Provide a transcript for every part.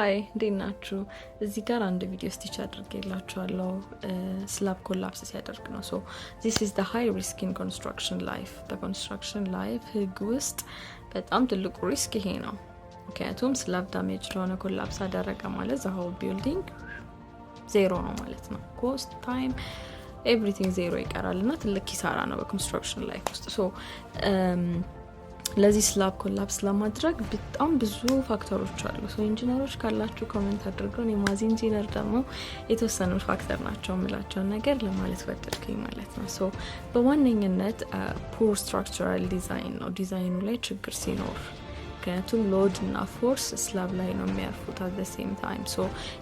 ሀይ እንዴት ናችሁ? እዚህ ጋር አንድ ቪዲዮ ስቲች አድርጌላችኋለሁ ስላብ ኮላፕስ ሲያደርግ ነው። ሶ ዚስ ኢዝ ዘ ሀይ ሪስክ ኢን ኮንስትራክሽን ላይፍ። በኮንስትራክሽን ላይፍ ህግ ውስጥ በጣም ትልቁ ሪስክ ይሄ ነው። ምክንያቱም ስላብ ዳሜጅ ለሆነ ኮላፕስ አደረገ ማለት ዘ ሆል ቢልዲንግ ዜሮ ነው ማለት ነው። ኮስት ታይም ኤቭሪቲንግ ዜሮ ይቀራል እና ትልቅ ኪሳራ ነው በኮንስትራክሽን ላይፍ ውስጥ ሶ ለዚህ ስላብ ኮላፕስ ለማድረግ በጣም ብዙ ፋክተሮች አሉ። ሰው ኢንጂነሮች ካላችሁ ኮመንት አድርገው። ማዚ ኢንጂነር ደግሞ የተወሰኑ ፋክተር ናቸው የምላቸውን ነገር ለማለት ወደድኩኝ ማለት ነው። ሶ በዋነኝነት ፑር ስትራክቸራል ዲዛይን ነው ዲዛይኑ ላይ ችግር ሲኖር ምክንያቱም ሎድ እና ፎርስ ስላብ ላይ ነው የሚያርፉት አት ሴም ታይም። ሶ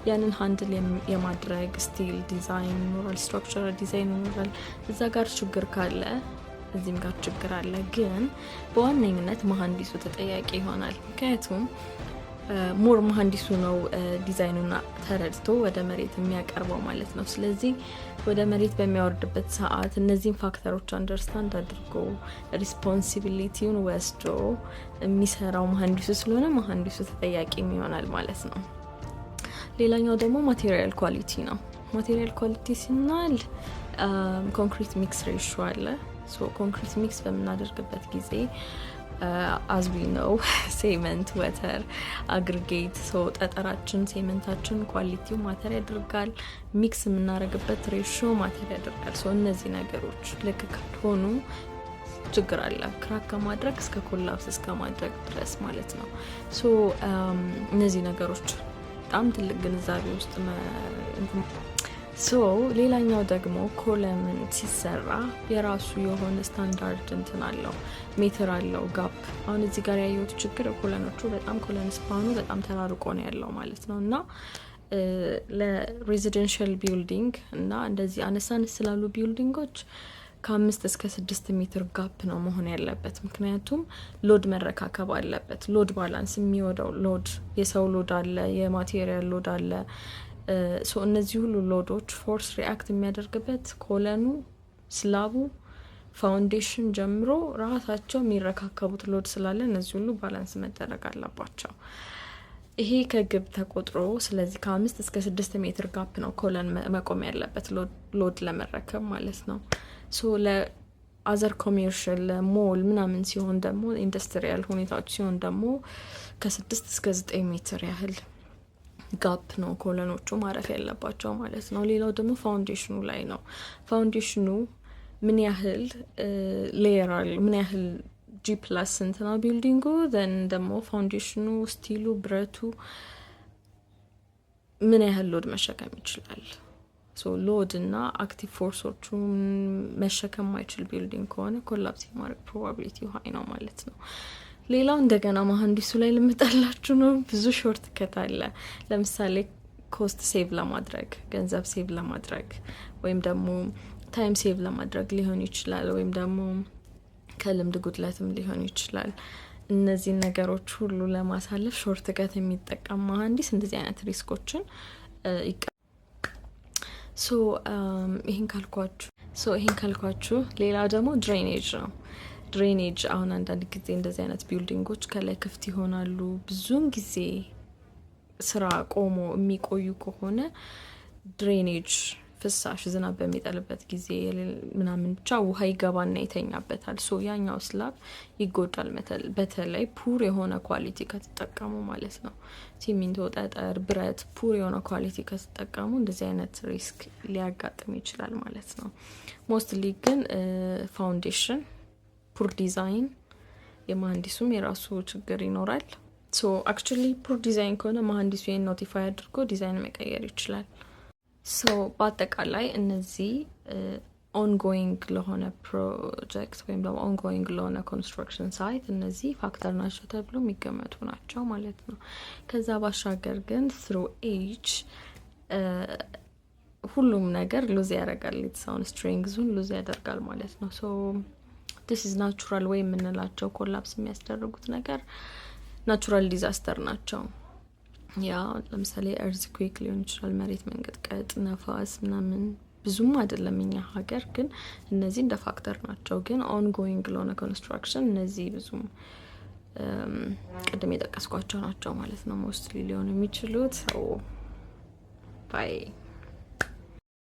ያንን ሀንድል የማድረግ ስቲል ዲዛይን ይኖራል፣ ስትራክቸራል ዲዛይን ይኖራል። እዛ ጋር ችግር ካለ እዚህም ጋር ችግር አለ። ግን በዋነኝነት መሀንዲሱ ተጠያቂ ይሆናል። ምክንያቱም ሞር መሀንዲሱ ነው ዲዛይኑና ተረድቶ ወደ መሬት የሚያቀርበው ማለት ነው። ስለዚህ ወደ መሬት በሚያወርድበት ሰዓት እነዚህን ፋክተሮች አንደርስታንድ አድርጎ ሪስፖንሲቢሊቲውን ወስዶ የሚሰራው መሀንዲሱ ስለሆነ መሀንዲሱ ተጠያቂም ይሆናል ማለት ነው። ሌላኛው ደግሞ ማቴሪያል ኳሊቲ ነው። ማቴሪያል ኳሊቲ ሲናል ኮንክሪት ሚክስ ሬሾ አለ ኮንክሪት ሚክስ በምናደርግበት ጊዜ አዝቢ ነው ሴመንት፣ ወተር፣ አግሪጌት ሰው ጠጠራችን፣ ሴመንታችን ኳሊቲው ማተር ያደርጋል። ሚክስ የምናደርግበት ሬሾ ማተር ያደርጋል። ሰው እነዚህ ነገሮች ልክ ካልሆኑ ችግር አለ። ክራክ ከማድረግ እስከ ኮላፕስ እስከ ማድረግ ድረስ ማለት ነው። um, እነዚህ ነገሮች በጣም ትልቅ ግንዛቤ ውስጥ ሶ ሌላኛው ደግሞ ኮለምን ሲሰራ የራሱ የሆነ ስታንዳርድ እንትን አለው፣ ሜትር አለው፣ ጋፕ። አሁን እዚህ ጋር ያየሁት ችግር ኮለኖቹ በጣም ኮለን ስፓኑ በጣም ተራርቆ ነው ያለው ማለት ነው እና ለሬዚደንሽል ቢልዲንግ እና እንደዚህ አነሳን ስላሉ ቢልዲንጎች ከአምስት እስከ ስድስት ሜትር ጋፕ ነው መሆን ያለበት። ምክንያቱም ሎድ መረካከብ አለበት። ሎድ ባላንስ የሚወደው ሎድ የሰው ሎድ አለ፣ የማቴሪያል ሎድ አለ፣ እነዚህ ሁሉ ሎዶች ፎርስ ሪአክት የሚያደርግበት ኮለኑ፣ ስላቡ፣ ፋውንዴሽን ጀምሮ ራሳቸው የሚረካከቡት ሎድ ስላለ እነዚህ ሁሉ ባላንስ መደረግ አለባቸው። ይሄ ከግብ ተቆጥሮ ስለዚህ ከአምስት እስከ ስድስት ሜትር ጋፕ ነው ኮለን መቆም ያለበት ሎድ ለመረከብ ማለት ነው። ሶ ለአዘር ኮሜርሽል ሞል ምናምን ሲሆን ደግሞ ኢንዱስትሪያል ሁኔታዎች ሲሆን ደግሞ ከስድስት እስከ ዘጠኝ ሜትር ያህል ጋፕ ነው ኮለኖቹ ማረፍ ያለባቸው ማለት ነው። ሌላው ደግሞ ፋውንዴሽኑ ላይ ነው። ፋውንዴሽኑ ምን ያህል ሌየር ምን ያህል ጂ ፕላስ ስንት ነው ቢልዲንጉ፣ ዘን ደግሞ ፋውንዴሽኑ፣ ስቲሉ፣ ብረቱ ምን ያህል ሎድ መሸከም ይችላል። ሎድ እና አክቲቭ ፎርሶቹ መሸከም ማይችል ቢልዲንግ ከሆነ ኮላፕስ የማድረግ ፕሮባቢሊቲ ሀይ ነው ማለት ነው። ሌላው እንደገና መሀንዲሱ ላይ ልምጣላችሁ ነው። ብዙ ሾርት ከት አለ። ለምሳሌ ኮስት ሴቭ ለማድረግ ገንዘብ ሴቭ ለማድረግ ወይም ደግሞ ታይም ሴቭ ለማድረግ ሊሆን ይችላል፣ ወይም ደግሞ ከልምድ ጉድለትም ሊሆን ይችላል። እነዚህን ነገሮች ሁሉ ለማሳለፍ ሾርት ከት የሚጠቀም መሀንዲስ እንደዚህ አይነት ሪስኮችን ይቀ ሶ um, ይህን ካልኳችሁ ሶ ይህን ካልኳችሁ ሌላ ደግሞ ድሬኔጅ ነው። ድሬኔጅ አሁን አንዳንድ ጊዜ እንደዚህ አይነት ቢልዲንጎች ከላይ ክፍት ይሆናሉ። ብዙውን ጊዜ ስራ ቆሞ የሚቆዩ ከሆነ ድሬኔጅ ፍሳሽ ዝናብ በሚጠልበት ጊዜ ምናምን ብቻ ውሃ ይገባና ይተኛበታል። ሶ ያኛው ስላብ ይጎዳል። በተለይ ፑር የሆነ ኳሊቲ ከተጠቀሙ ማለት ነው። ሲሚንቶ፣ ጠጠር፣ ብረት ፑር የሆነ ኳሊቲ ከተጠቀሙ እንደዚህ አይነት ሪስክ ሊያጋጥም ይችላል ማለት ነው። ሞስትሊ ግን ፋውንዴሽን ፑር ዲዛይን የመሀንዲሱም የራሱ ችግር ይኖራል። ሶ አክቹሊ ፑር ዲዛይን ከሆነ መሀንዲሱ ይህን ኖቲፋይ አድርጎ ዲዛይን መቀየር ይችላል። ሶ በአጠቃላይ እነዚህ ኦንጎይንግ ለሆነ ፕሮጀክት ወይም ደግሞ ኦንጎይንግ ለሆነ ኮንስትራክሽን ሳይት እነዚህ ፋክተር ናቸው ተብሎ የሚገመቱ ናቸው ማለት ነው። ከዛ ባሻገር ግን ስሩ ኤጅ ሁሉም ነገር ሉዝ ያደርጋል። የተሳውን ስትሪንግዙን ሉዝ ያደርጋል ማለት ነው። ዲስ ኢዝ ናቹራል ወይ የምንላቸው ኮላፕስ የሚያስደርጉት ነገር ናቹራል ዲዛስተር ናቸው። ያ ለምሳሌ እርዝ ኤርዝኩዌክ ሊሆን ይችላል፣ መሬት መንቀጥቀጥ፣ ነፋስ ምናምን ብዙም አይደለም እኛ ሀገር ግን እነዚህ እንደ ፋክተር ናቸው። ግን ኦንጎይንግ ለሆነ ኮንስትራክሽን እነዚህ ብዙም ቅድም የጠቀስኳቸው ናቸው ማለት ነው ሞስትሊ ሊሆኑ የሚችሉት ሰው ባይ